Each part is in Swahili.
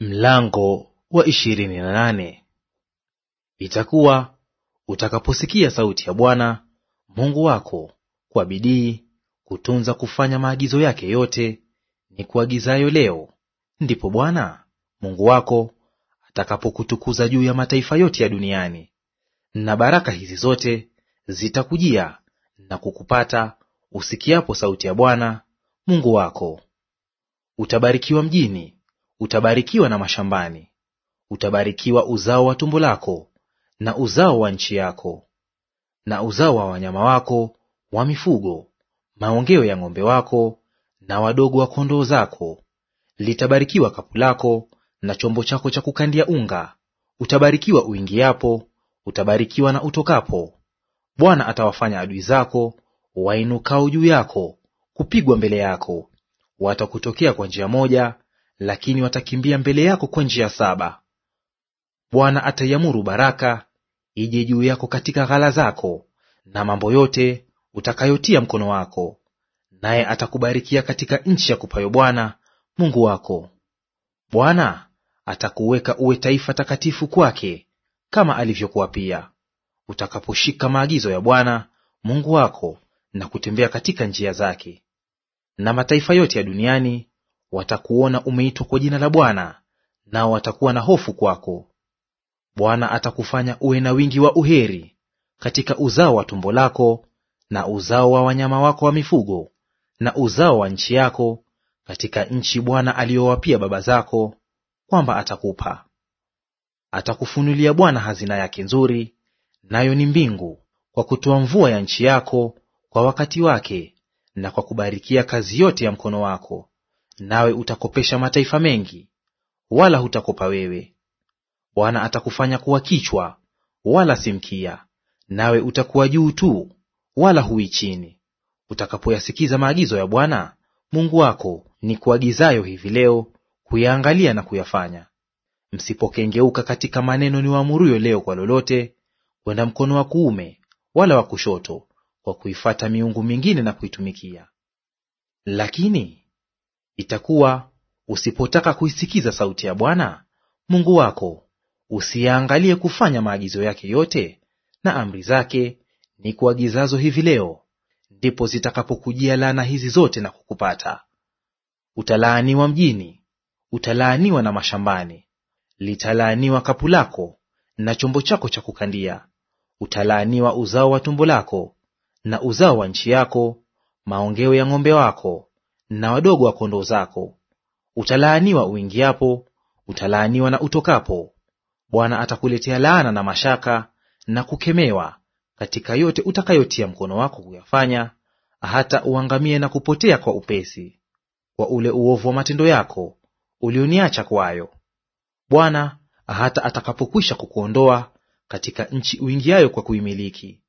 Mlango wa ishirini na nane. Itakuwa utakaposikia sauti ya Bwana Mungu wako kwa bidii kutunza kufanya maagizo yake yote ni kuagizayo leo, ndipo Bwana Mungu wako atakapokutukuza juu ya mataifa yote ya duniani. Na baraka hizi zote zitakujia na kukupata usikiapo sauti ya Bwana Mungu wako. Utabarikiwa mjini Utabarikiwa na mashambani, utabarikiwa uzao wa tumbo lako na uzao wa nchi yako, na uzao wa wanyama wako wa mifugo, maongeo ya ng'ombe wako na wadogo wa kondoo zako. Litabarikiwa kapu lako na chombo chako cha kukandia unga. Utabarikiwa uingiapo, utabarikiwa na utokapo. Bwana atawafanya adui zako wainukao juu yako kupigwa mbele yako; watakutokea kwa njia moja lakini watakimbia mbele yako kwa njia saba. Bwana ataiamuru baraka ije juu yako katika ghala zako na mambo yote utakayotia mkono wako, naye atakubarikia katika nchi ya kupayo Bwana Mungu wako. Bwana atakuweka uwe taifa takatifu kwake, kama alivyokuwa pia, utakaposhika maagizo ya Bwana Mungu wako na kutembea katika njia zake. Na mataifa yote ya duniani watakuona umeitwa kwa jina la Bwana, nao watakuwa na hofu kwako. Bwana atakufanya uwe na wingi wa uheri katika uzao wa tumbo lako na uzao wa wanyama wako wa mifugo na uzao wa nchi yako, katika nchi Bwana aliyowapia baba zako kwamba atakupa. Atakufunulia Bwana hazina yake nzuri, nayo ni mbingu, kwa kutoa mvua ya nchi yako kwa wakati wake, na kwa kubarikia kazi yote ya mkono wako nawe utakopesha mataifa mengi, wala hutakopa wewe. Bwana atakufanya kuwa kichwa, wala si mkia, nawe utakuwa juu tu, wala hui chini, utakapoyasikiza maagizo ya Bwana Mungu wako ni kuagizayo hivi leo kuyaangalia na kuyafanya. Msipokengeuka katika maneno ni niwaamuruyo leo kwa lolote, kwenda mkono wa kuume wala wa kushoto, kwa kuifata miungu mingine na kuitumikia. Lakini Itakuwa usipotaka kuisikiza sauti ya Bwana Mungu wako, usiyaangalie kufanya maagizo yake yote na amri zake ni kuagizazo hivi leo, ndipo zitakapokujia laana hizi zote na kukupata. Utalaaniwa mjini, utalaaniwa na mashambani, litalaaniwa kapu lako na chombo chako cha kukandia, utalaaniwa uzao wa tumbo lako na uzao wa nchi yako, maongeo ya ng'ombe wako na wadogo wa kondoo zako. Utalaaniwa uingiapo, utalaaniwa na utokapo. Bwana atakuletea laana na mashaka na kukemewa katika yote utakayotia mkono wako kuyafanya, hata uangamie na kupotea kwa upesi, kwa ule uovu wa matendo yako ulioniacha kwayo. Bwana hata atakapokwisha kukuondoa katika nchi uingiayo kwa kuimiliki.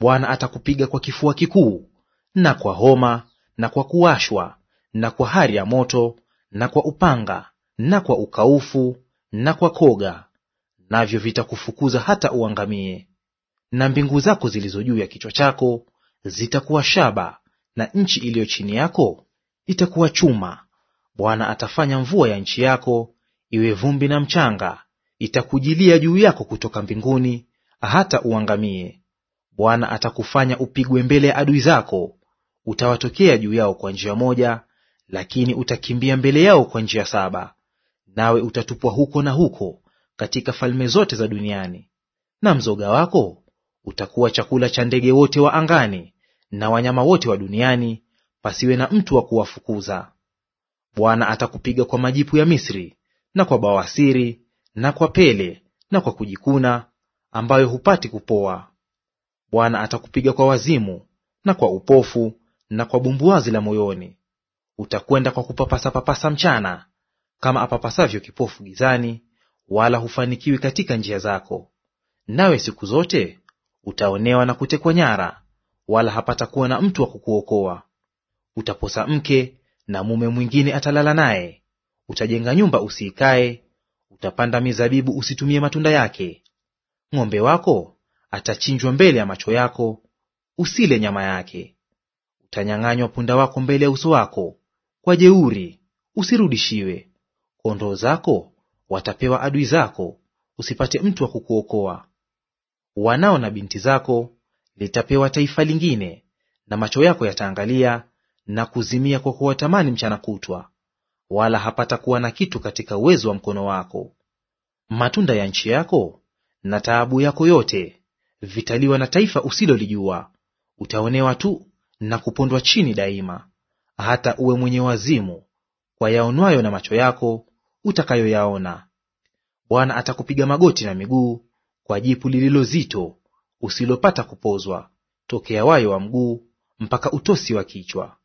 Bwana atakupiga kwa kifua kikuu na kwa homa na kwa kuwashwa, na kwa hari ya moto, na kwa upanga, na kwa ukaufu, na kwa koga, navyo vitakufukuza hata uangamie. Na mbingu zako zilizo juu ya kichwa chako zitakuwa shaba, na nchi iliyo chini yako itakuwa chuma. Bwana atafanya mvua ya nchi yako iwe vumbi na mchanga, itakujilia juu yako kutoka mbinguni, hata uangamie. Bwana atakufanya upigwe mbele ya adui zako, Utawatokea juu yao kwa njia moja, lakini utakimbia mbele yao kwa njia saba, nawe utatupwa huko na huko katika falme zote za duniani. Na mzoga wako utakuwa chakula cha ndege wote wa angani na wanyama wote wa duniani, pasiwe na mtu wa kuwafukuza. Bwana atakupiga kwa majipu ya Misri na kwa bawasiri na kwa pele na kwa kujikuna, ambayo hupati kupoa. Bwana atakupiga kwa wazimu na kwa upofu na kwa bumbuazi la moyoni. Utakwenda kwa kupapasapapasa mchana, kama apapasavyo kipofu gizani, wala hufanikiwi katika njia zako. Nawe siku zote utaonewa na kutekwa nyara, wala hapatakuwa na mtu wa kukuokoa. utaposa mke na mume mwingine atalala naye. Utajenga nyumba usiikae, utapanda mizabibu usitumie matunda yake. Ng'ombe wako atachinjwa mbele ya macho yako, usile nyama yake. Utanyang'anywa punda wako mbele ya uso wako, kwa jeuri usirudishiwe. Kondoo zako watapewa adui zako, usipate mtu wa kukuokoa. Wanao na binti zako litapewa taifa lingine, na macho yako yataangalia na kuzimia kwa kuwatamani mchana kutwa, wala hapatakuwa na kitu katika uwezo wa mkono wako. Matunda ya nchi yako na taabu yako yote vitaliwa na taifa usilolijua; utaonewa tu na kupondwa chini daima, hata uwe mwenye wazimu kwa yaonwayo na macho yako utakayoyaona. Bwana atakupiga magoti na miguu kwa jipu lililo zito usilopata kupozwa, tokea wayo wa mguu mpaka utosi wa kichwa.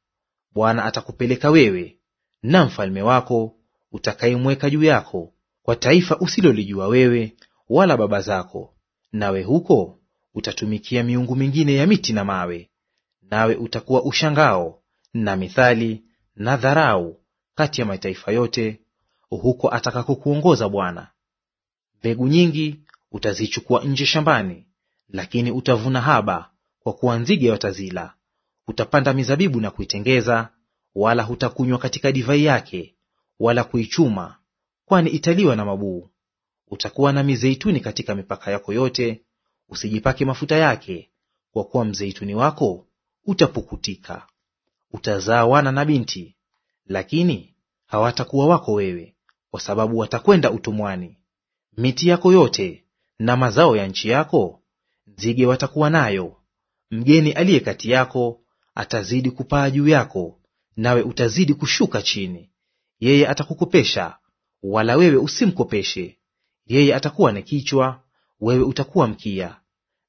Bwana atakupeleka wewe na mfalme wako utakayemweka juu yako kwa taifa usilolijua wewe wala baba zako, nawe huko utatumikia miungu mingine ya miti na mawe, nawe utakuwa ushangao na mithali na dharau kati ya mataifa yote huko atakakokuongoza Bwana. Mbegu nyingi utazichukua nje shambani, lakini utavuna haba, kwa kuwa nzige watazila. Utapanda mizabibu na kuitengeza, wala hutakunywa katika divai yake, wala kuichuma, kwani italiwa na mabuu. Utakuwa na mizeituni katika mipaka yako yote, usijipake mafuta yake, kwa kuwa mzeituni wako utapukutika. Utazaa wana na binti, lakini hawatakuwa wako wewe, kwa sababu watakwenda utumwani. Miti yako yote na mazao ya nchi yako nzige watakuwa nayo. Mgeni aliye kati yako atazidi kupaa juu yako, nawe utazidi kushuka chini. Yeye atakukopesha, wala wewe usimkopeshe. Yeye atakuwa na kichwa, wewe utakuwa mkia.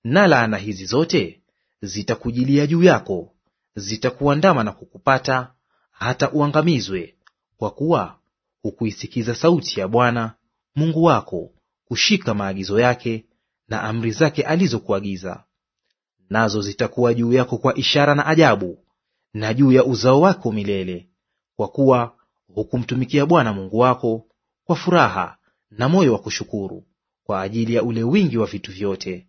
Na laana hizi zote zitakujilia juu yako, zitakuandama na kukupata hata uangamizwe, kwa kuwa hukuisikiza sauti ya Bwana Mungu wako kushika maagizo yake na amri zake alizokuagiza. Nazo zitakuwa juu yako kwa ishara na ajabu, na juu ya uzao wako milele, kwa kuwa hukumtumikia Bwana Mungu wako kwa furaha na moyo wa kushukuru, kwa ajili ya ule wingi wa vitu vyote.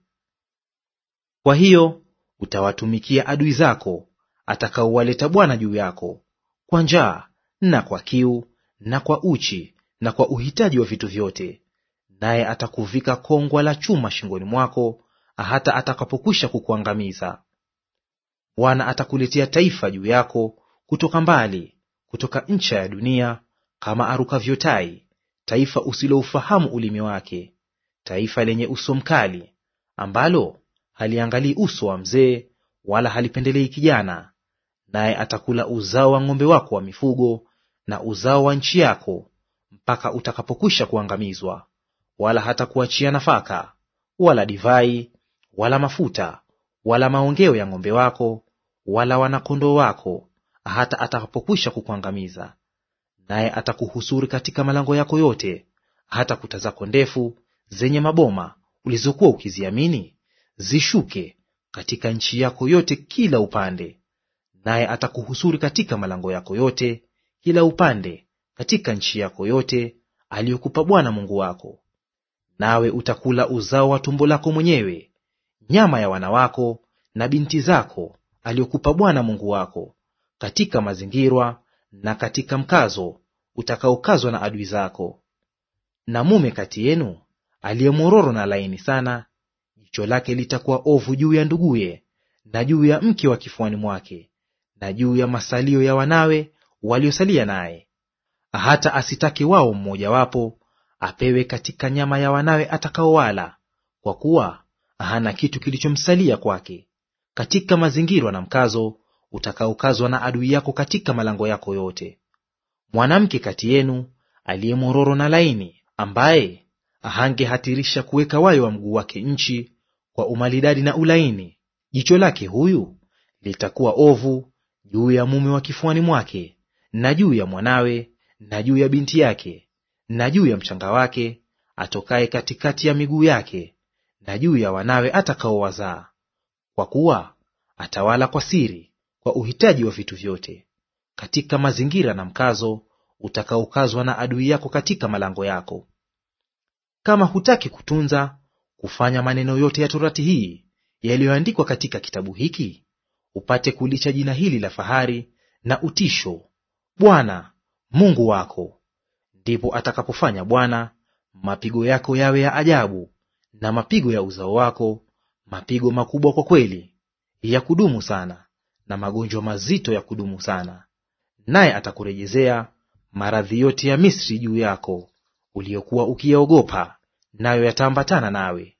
Kwa hiyo Utawatumikia adui zako atakaowaleta Bwana juu yako, kwa njaa na kwa kiu na kwa uchi na kwa uhitaji wa vitu vyote, naye atakuvika kongwa la chuma shingoni mwako hata atakapokwisha kukuangamiza. Bwana atakuletea taifa juu yako kutoka mbali, kutoka ncha ya dunia, kama arukavyo tai, taifa usiloufahamu ulimi wake, taifa lenye uso mkali, ambalo haliangalii uso wa mzee, wala halipendelei kijana, naye atakula uzao wa ng'ombe wako wa mifugo na uzao wa nchi yako mpaka utakapokwisha kuangamizwa. Wala hatakuachia nafaka wala divai wala mafuta wala maongeo ya ng'ombe wako wala wanakondoo wako, hata atakapokwisha kukuangamiza. Naye atakuhusuri katika malango yako yote, hata kuta zako ndefu zenye maboma ulizokuwa ukiziamini zishuke katika nchi yako yote kila upande, naye atakuhusuri katika malango yako yote kila upande katika nchi yako yote aliyokupa Bwana Mungu wako. Nawe utakula uzao wa tumbo lako mwenyewe, nyama ya wana wako na binti zako aliyokupa Bwana Mungu wako, katika mazingirwa na katika mkazo utakaokazwa na adui zako. Na mume kati yenu aliye na laini sana jicho lake litakuwa ovu juu ya nduguye na juu ya mke wa kifuani mwake na juu ya masalio ya wanawe waliosalia naye, hata asitake wao mmojawapo apewe katika nyama ya wanawe atakaowala, kwa kuwa hana kitu kilichomsalia kwake, katika mazingirwa na mkazo utakaokazwa na adui yako katika malango yako yote. Mwanamke kati yenu aliye mororo na laini, ambaye hangehatirisha kuweka wayo wa mguu wake nchi, kwa umalidadi na ulaini, jicho lake huyu litakuwa ovu juu ya mume wa kifuani mwake, na juu ya mwanawe, na juu ya binti yake, na juu ya mchanga wake atokaye katikati ya miguu yake, na juu ya wanawe atakaowazaa. Kwa kuwa atawala kwa siri kwa uhitaji wa vitu vyote, katika mazingira na mkazo utakaokazwa na adui yako katika malango yako. Kama hutaki kutunza kufanya maneno yote ya torati hii yaliyoandikwa katika kitabu hiki, upate kulicha jina hili la fahari na utisho, Bwana Mungu wako. Ndipo atakapofanya Bwana mapigo yako yawe ya ajabu, na mapigo ya uzao wako, mapigo makubwa kwa kweli, ya kudumu sana, na magonjwa mazito ya kudumu sana. Naye atakurejezea maradhi yote ya Misri juu yako uliyokuwa ukiyaogopa, nayo yataambatana nawe;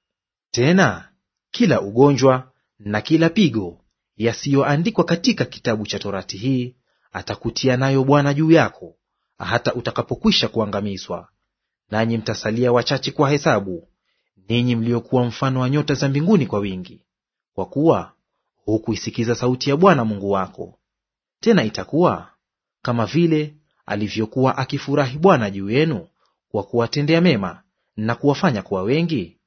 tena kila ugonjwa na kila pigo yasiyoandikwa katika kitabu cha torati hii atakutia nayo Bwana juu yako, hata utakapokwisha kuangamizwa. Nanyi mtasalia wachache kwa hesabu, ninyi mliokuwa mfano wa nyota za mbinguni kwa wingi, kwa kuwa hukuisikiza sauti ya Bwana Mungu wako. Tena itakuwa kama vile alivyokuwa akifurahi Bwana juu yenu kwa kuwatendea mema na kuwafanya kuwa wengi,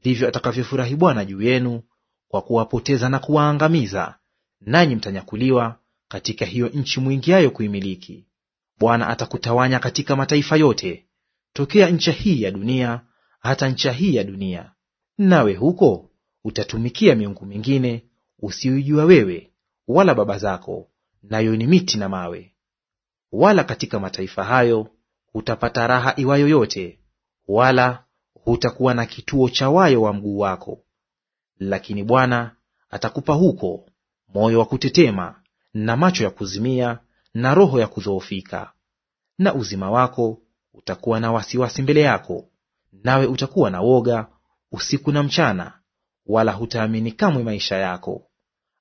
ndivyo atakavyofurahi Bwana juu yenu kwa kuwapoteza na kuwaangamiza, nanyi mtanyakuliwa katika hiyo nchi mwingiayo kuimiliki. Bwana atakutawanya katika mataifa yote tokea ncha hii ya dunia hata ncha hii ya dunia, nawe huko utatumikia miungu mingine usiyoijua wewe wala baba zako, nayo ni miti na mawe. Wala katika mataifa hayo utapata raha iwayo yote, wala hutakuwa na kituo cha wayo wa mguu wako. Lakini Bwana atakupa huko moyo wa kutetema na macho ya kuzimia na roho ya kudhoofika, na uzima wako utakuwa na wasiwasi mbele yako, nawe utakuwa na woga usiku na mchana, wala hutaamini kamwe maisha yako.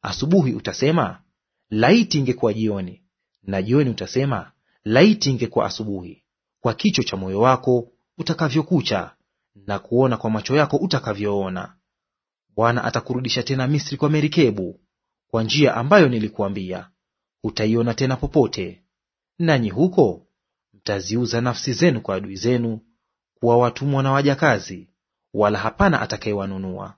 Asubuhi utasema laiti ingekuwa jioni, na jioni utasema laiti ingekuwa asubuhi, kwa kicho cha moyo wako utakavyokucha na kuona kwa macho yako utakavyoona. Bwana atakurudisha tena Misri kwa merikebu, kwa njia ambayo nilikuambia; utaiona tena popote. Nanyi huko mtaziuza nafsi zenu kwa adui zenu, kuwa watumwa na wajakazi, wala hapana atakayewanunua.